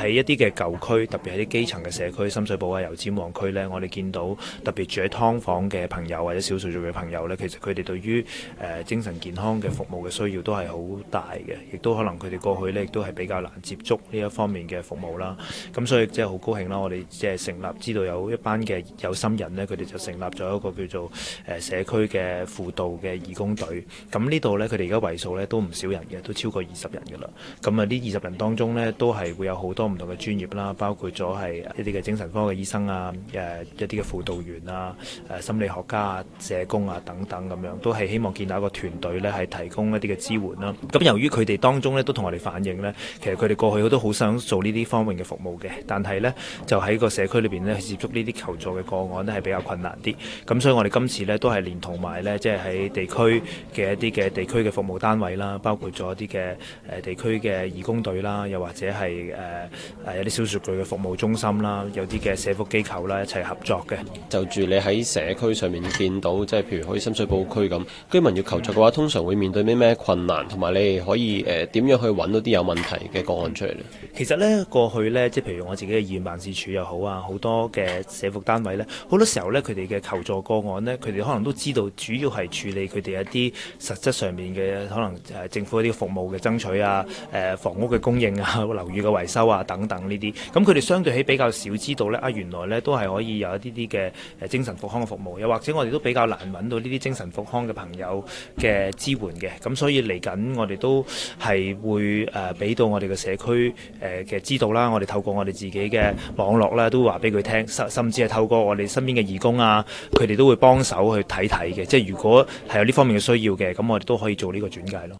喺一啲嘅舊區，特別係啲基層嘅社區，深水埗啊、油尖旺區呢，我哋見到特別住喺劏房嘅朋友或者少數族嘅朋友呢，其實佢哋對於誒、呃、精神健康嘅服務嘅需要都係好大嘅，亦都可能佢哋過去呢，亦都係比較難接觸呢一方面嘅服務啦。咁所以即係好高興啦，我哋即係成立知道有一班嘅有心人呢，佢哋就成立咗一個叫做、呃、社區嘅輔導嘅義工隊。咁呢度呢，佢哋而家為數呢，都唔少人嘅，都超過二十人㗎啦。咁啊，呢二十人當中呢，都係會有好多，唔同嘅專業啦，包括咗係一啲嘅精神科嘅醫生啊，誒一啲嘅輔導員啊，誒心理學家啊，社工啊等等咁樣，都係希望建立一個團隊呢，係提供一啲嘅支援啦。咁由於佢哋當中呢，都同我哋反映呢，其實佢哋過去都好想做呢啲方面嘅服務嘅，但係呢，就喺個社區裏邊呢，去接觸呢啲求助嘅個案呢，係比較困難啲。咁所以我哋今次呢，都係連同埋呢，即係喺地區嘅一啲嘅地區嘅服務單位啦，包括咗一啲嘅誒地區嘅義工隊啦，又或者係誒。誒有啲少數族裔嘅服務中心啦，有啲嘅社福機構啦，一齊合作嘅。就住你喺社區上面見到，即係譬如好似深水埗區咁，居民要求助嘅話，通常會面對啲咩困難？同埋你可以誒點、呃、樣去揾到啲有問題嘅個案出嚟咧？其實呢，過去呢，即係譬如我自己嘅議員辦事處又好啊，好多嘅社福單位呢，好多時候呢，佢哋嘅求助個案呢，佢哋可能都知道主要係處理佢哋一啲實質上面嘅可能誒政府一啲服務嘅爭取啊，誒、呃、房屋嘅供應啊，樓宇嘅維修啊。等等呢啲，咁佢哋相對起比較少知道呢。啊原來呢都係可以有一啲啲嘅精神復康嘅服務，又或者我哋都比較難揾到呢啲精神復康嘅朋友嘅支援嘅，咁所以嚟緊我哋都係會誒、呃、俾到我哋嘅社區嘅、呃、知道啦，我哋透過我哋自己嘅網絡啦，都話俾佢聽，甚甚至係透過我哋身邊嘅義工啊，佢哋都會幫手去睇睇嘅，即係如果係有呢方面嘅需要嘅，咁我哋都可以做呢個轉介咯。